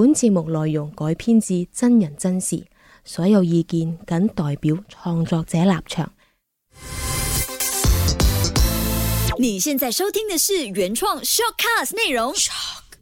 本節目內容改編自真人真事，所有意見僅代表創作者立場。你現在收聽的是原創 shortcast、ok、內容。Sh ok.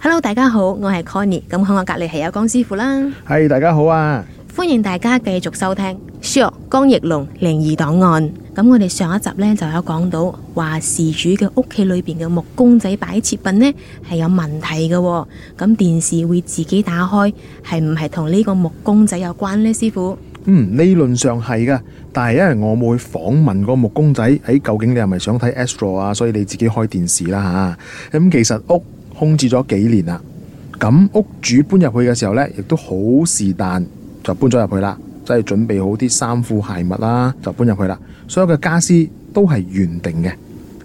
Hello，大家好，我係 Conny 咁喺我隔籬係有江師傅啦。係、hey, 大家好啊！歡迎大家繼續收聽 short 江奕龍靈異檔案。咁我哋上一集呢就有講到，話事主嘅屋企裏邊嘅木公仔擺設品呢係有問題嘅、哦，咁電視會自己打開，係唔係同呢個木公仔有關呢？師傅，嗯，理論上係噶，但係因為我冇去訪問個木公仔，喺究竟你係咪想睇 Astro 啊，所以你自己開電視啦吓。咁、嗯、其實屋空置咗幾年啦，咁屋主搬入去嘅時候呢，亦都好是但就搬咗入去啦。即係準備好啲衫褲鞋襪啦、啊，就搬入去啦。所有嘅家私都係原定嘅，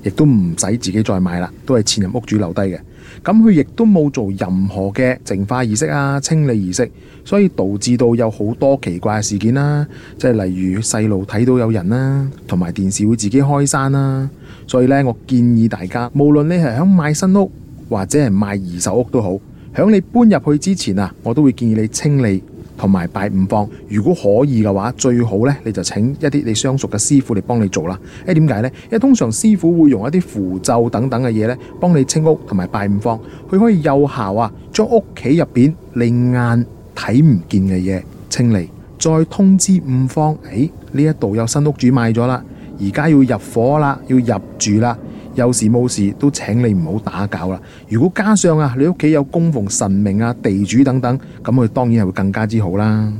亦都唔使自己再買啦，都係前任屋主留低嘅。咁佢亦都冇做任何嘅淨化儀式啊、清理儀式，所以導致到有好多奇怪嘅事件啦、啊。即係例如細路睇到有人啦、啊，同埋電視會自己開山啦、啊。所以呢，我建議大家，無論你係響買新屋或者係賣二手屋都好，響你搬入去之前啊，我都會建議你清理。同埋拜五方，如果可以嘅話，最好呢你就請一啲你相熟嘅師傅嚟幫你做啦。誒、欸，點解呢？因為通常師傅會用一啲符咒等等嘅嘢呢幫你清屋同埋拜五方，佢可以有效啊，將屋企入邊你眼睇唔見嘅嘢清理，再通知五方，誒、哎，呢一度有新屋主買咗啦，而家要入伙啦，要入住啦。有事冇事都請你唔好打攪啦。如果加上啊，你屋企有供奉神明啊、地主等等，咁佢當然係會更加之好啦。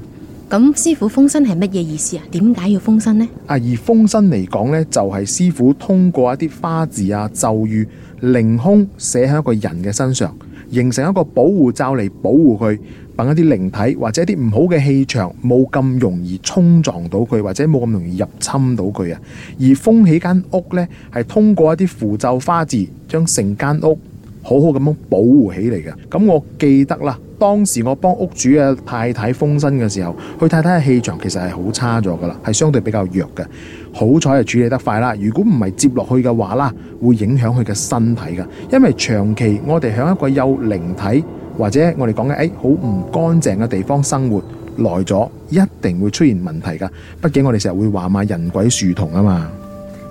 咁師傅封身係乜嘢意思啊？點解要封身呢？啊，而封身嚟講呢，就係師傅通過一啲花字啊、咒語，凌空寫喺一個人嘅身上，形成一個保護罩嚟保護佢。等一啲靈體或者一啲唔好嘅氣場，冇咁容易衝撞到佢，或者冇咁容易入侵到佢啊！而封起間屋呢，係通過一啲符咒花字，將成間屋好好咁樣保護起嚟嘅。咁我記得啦，當時我幫屋主嘅太太封身嘅時候，佢太太嘅氣場其實係好差咗噶啦，係相對比較弱嘅。好彩係處理得快啦，如果唔係接落去嘅話啦，會影響佢嘅身體噶，因為長期我哋響一個有靈體。或者我哋講嘅誒，好唔乾淨嘅地方生活耐咗，一定會出現問題噶。畢竟我哋成日會話嘛，人鬼殊同啊嘛。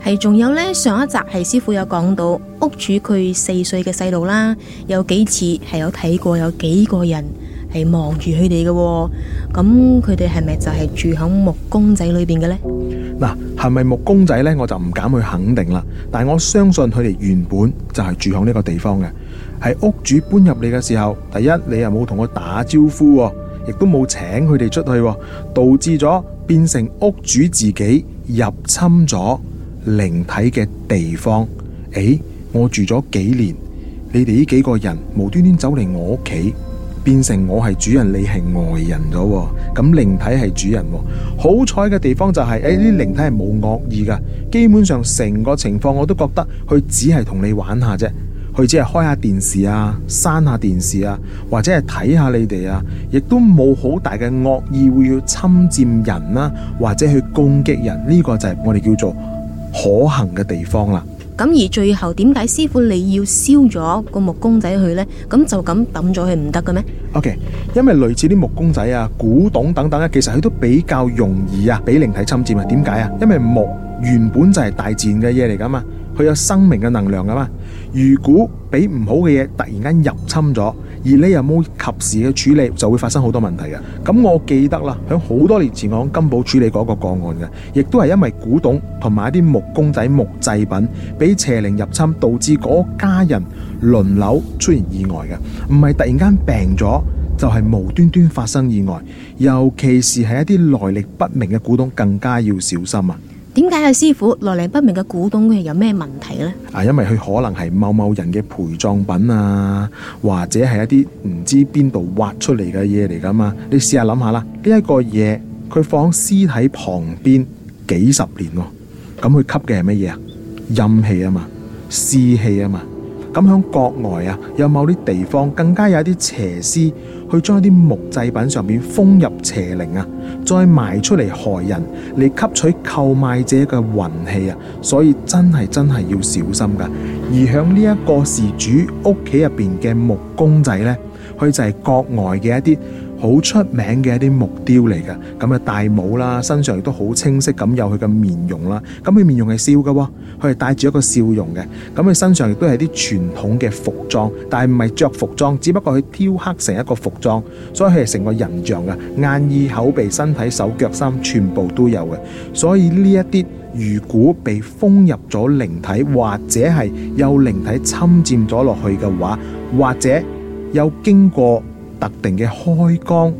係仲有呢，上一集係師傅有講到屋主佢四歲嘅細路啦，有幾次係有睇過有幾個人係望住佢哋嘅，咁佢哋係咪就係住喺木公仔裏邊嘅呢？嗱，係咪木公仔呢？我就唔敢去肯定啦。但係我相信佢哋原本就係住響呢個地方嘅。喺屋主搬入嚟嘅時候，第一你又冇同我打招呼，亦都冇請佢哋出去，導致咗變成屋主自己入侵咗靈體嘅地方。誒，我住咗幾年，你哋呢幾個人無端端走嚟我屋企。變成我係主人，你係外人咗。咁靈體係主人、哦。好彩嘅地方就係、是，誒、欸，啲靈體係冇惡意噶。基本上成個情況我都覺得，佢只係同你玩下啫，佢只係開下電視啊，閂下電視啊，或者係睇下你哋啊，亦都冇好大嘅惡意會要侵占人啦、啊，或者去攻擊人。呢、這個就係我哋叫做可行嘅地方啦。咁而最後點解師傅你要燒咗個木公仔去呢？咁就咁抌咗佢唔得嘅咩？OK，因為類似啲木公仔啊、古董等等咧、啊，其實佢都比較容易啊，俾靈體侵占啊。點解啊？因為木原本就係大自然嘅嘢嚟噶嘛，佢有生命嘅能量噶嘛。如果俾唔好嘅嘢突然間入侵咗。而你有冇及時嘅處理，就會發生好多問題啊！咁我記得啦，喺好多年前我喺金寶處理過一個個案嘅，亦都係因為古董同埋一啲木公仔、木製品俾邪靈入侵，導致嗰家人輪流出現意外嘅，唔係突然間病咗，就係無端端發生意外，尤其是係一啲來歷不明嘅古董，更加要小心啊！點解？阿師傅，來歷不明嘅古董有咩問題呢？啊，因為佢可能係某某人嘅陪葬品啊，或者係一啲唔知邊度挖出嚟嘅嘢嚟噶嘛。你試下諗下啦，呢、這、一個嘢佢放喺屍體旁邊幾十年喎、哦，咁佢吸嘅係乜嘢啊？陰氣啊嘛，屍氣啊嘛。咁響國外啊，有某啲地方更加有一啲邪師去將一啲木製品上邊封入邪靈啊，再賣出嚟，害人，嚟吸取購買者嘅運氣啊，所以真係真係要小心噶。而喺呢一個事主屋企入邊嘅木公仔呢，佢就係國外嘅一啲。好出名嘅一啲木雕嚟嘅，咁啊戴帽啦，身上亦都好清晰咁有佢嘅面容啦。咁佢面容係笑嘅，佢係帶住一個笑容嘅。咁佢身上亦都係啲傳統嘅服裝，但係唔係着服裝，只不過佢雕刻成一個服裝，所以佢係成個人像嘅，眼、耳、口、鼻、身體、手腳、心，全部都有嘅。所以呢一啲如果被封入咗靈體，或者係有靈體侵佔咗落去嘅話，或者又經過。特定嘅開光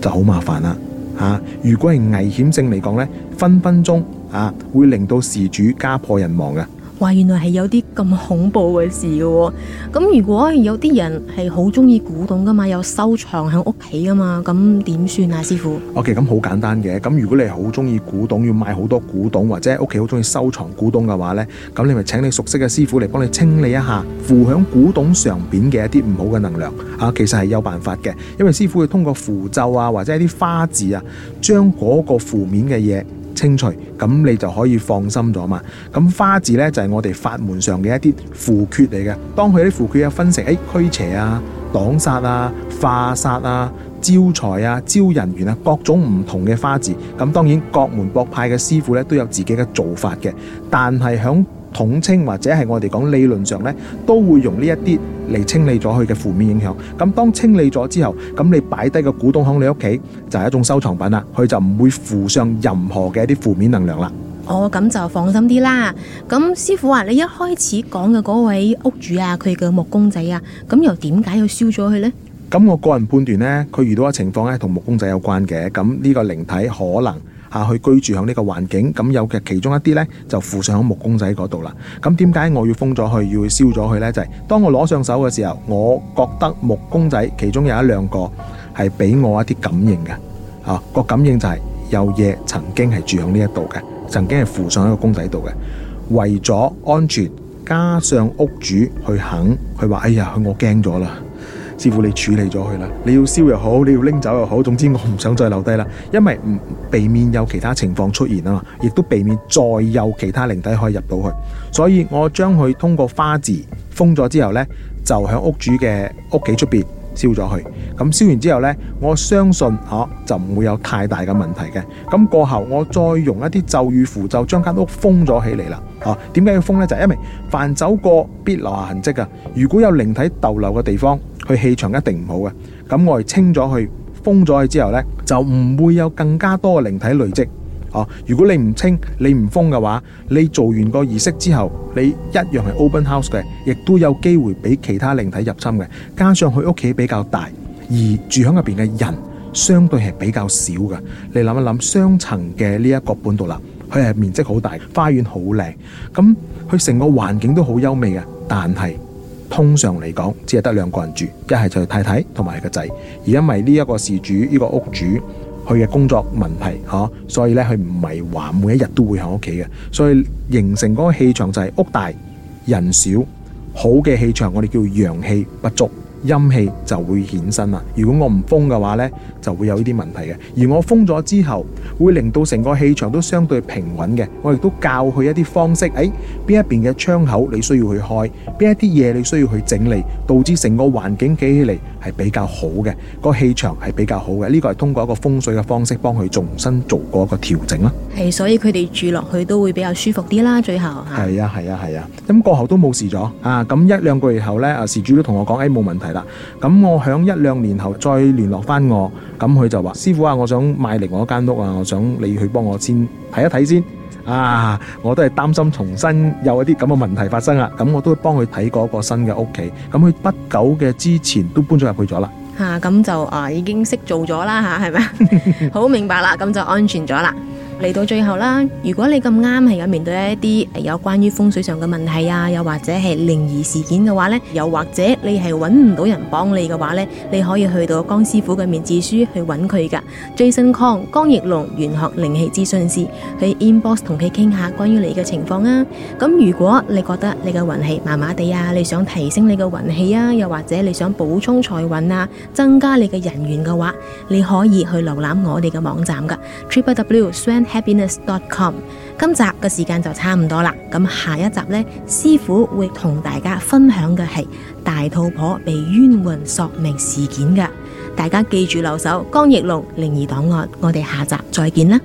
就好麻煩啦，嚇、啊！如果係危險性嚟講咧，分分鐘啊會令到事主家破人亡嘅。哇，原來係有啲咁恐怖嘅事嘅喎、哦！咁如果有啲人係好中意古董噶嘛，有收藏喺屋企噶嘛，咁點算啊，師傅？OK，其實咁好簡單嘅。咁如果你好中意古董，要買好多古董，或者屋企好中意收藏古董嘅話呢，咁你咪請你熟悉嘅師傅嚟幫你清理一下附喺古董上邊嘅一啲唔好嘅能量啊！其實係有辦法嘅，因為師傅會通過符咒啊，或者一啲花字啊，將嗰個負面嘅嘢，清除，咁你就可以放心咗嘛。咁花字呢，就係我哋法門上嘅一啲符訣嚟嘅。當佢啲符訣有分成，誒，驅邪啊、擋煞啊、化煞啊、招財啊、招人緣啊，各種唔同嘅花字。咁當然各門各派嘅師傅呢，都有自己嘅做法嘅，但係響。統稱或者係我哋講理論上咧，都會用呢一啲嚟，清理咗佢嘅負面影響。咁當清理咗之後，咁你擺低個古董響你屋企就係一種收藏品啦，佢就唔會附上任何嘅一啲負面能量啦。哦，咁就放心啲啦。咁師傅，話你一開始講嘅嗰位屋主啊，佢嘅木公仔啊，咁又點解要燒咗佢咧？咁我個人判斷咧，佢遇到嘅情況咧，同木公仔有關嘅。咁呢個靈體可能。嚇去居住響呢個環境，咁有嘅其中一啲呢，就附上喺木公仔嗰度啦。咁點解我要封咗佢，要去燒咗佢呢？就係當我攞上手嘅時候，我覺得木公仔其中有一兩個係俾我一啲感應嘅。啊，個感應就係有嘢曾經係住響呢一度嘅，曾經係附上喺個公仔度嘅，為咗安全加上屋主去肯，佢話：哎呀，我驚咗啦！師傅你處理咗佢啦。你要燒又好，你要拎走又好，總之我唔想再留低啦，因為唔避免有其他情況出現啊嘛，亦都避免再有其他靈體可以入到去。所以我將佢通過花字封咗之後呢，就喺屋主嘅屋企出邊燒咗佢。咁燒完之後呢，我相信吓、啊，就唔會有太大嘅問題嘅。咁過後我再用一啲咒語符咒將間屋封咗起嚟啦。嚇、啊，點解要封呢？就係、是、因為凡走過必留下痕跡㗎。如果有靈體逗留嘅地方。佢氣場一定唔好嘅，咁我哋清咗佢，封咗佢之後呢，就唔會有更加多嘅靈體累積。哦、啊，如果你唔清，你唔封嘅話，你做完個儀式之後，你一樣係 open house 嘅，亦都有機會俾其他靈體入侵嘅。加上佢屋企比較大，而住響入邊嘅人相對係比較少嘅。你諗一諗，雙層嘅呢一個半獨立，佢係面積好大，花園好靚，咁佢成個環境都好優美嘅，但係，通常嚟講，只係得兩個人住，一係就係太太同埋個仔。而因為呢一個事主呢、呢個屋主，佢嘅工作問題，吓、啊，所以呢，佢唔係話每一日都會喺屋企嘅，所以形成嗰個氣場就係屋大人少，好嘅氣場我哋叫陽氣不足。陰氣就會顯身啦。如果我唔封嘅話咧，就會有呢啲問題嘅。而我封咗之後，會令到成個氣場都相對平穩嘅。我亦都教佢一啲方式，誒，邊一邊嘅窗口你需要去開，邊一啲嘢你需要去整理，導致成個環境企起嚟係比較好嘅，個氣場係比較好嘅。呢個係通過一個風水嘅方式幫佢重新做過一個調整啦。係，所以佢哋住落去都會比較舒服啲啦。最後係啊，係啊，係啊。咁過後都冇事咗啊。咁一兩個月後咧，啊事主都同我講，誒冇問題。係啦，咁我響一兩年後再聯絡翻我，咁佢就話，師傅啊，我想買另外一間屋啊，我想你去幫我先睇一睇先啊，我都係擔心重新有一啲咁嘅問題發生啊，咁我都幫佢睇過一個新嘅屋企，咁佢不久嘅之前都搬咗入去咗啦，吓，咁就啊已經識做咗啦吓，係咪啊？好明白啦，咁就安全咗啦。嚟到最後啦，如果你咁啱係有面對一啲有關於風水上嘅問題啊，又或者係靈異事件嘅話呢，又或者你係揾唔到人幫你嘅話呢，你可以去到江師傅嘅面子書去揾佢噶。Jason Kong 江奕龍玄學靈氣諮詢師去 inbox 同佢傾下關於你嘅情況啊。咁如果你覺得你嘅運氣麻麻地啊，你想提升你嘅運氣啊，又或者你想補充財運啊，增加你嘅人緣嘅話，你可以去瀏覽我哋嘅網站噶。tripw happiness.com，今集嘅時間就差唔多啦，咁下一集呢，師傅會同大家分享嘅係大肚婆被冤魂索命事件嘅，大家記住留守江奕龍靈異檔案，我哋下集再見啦。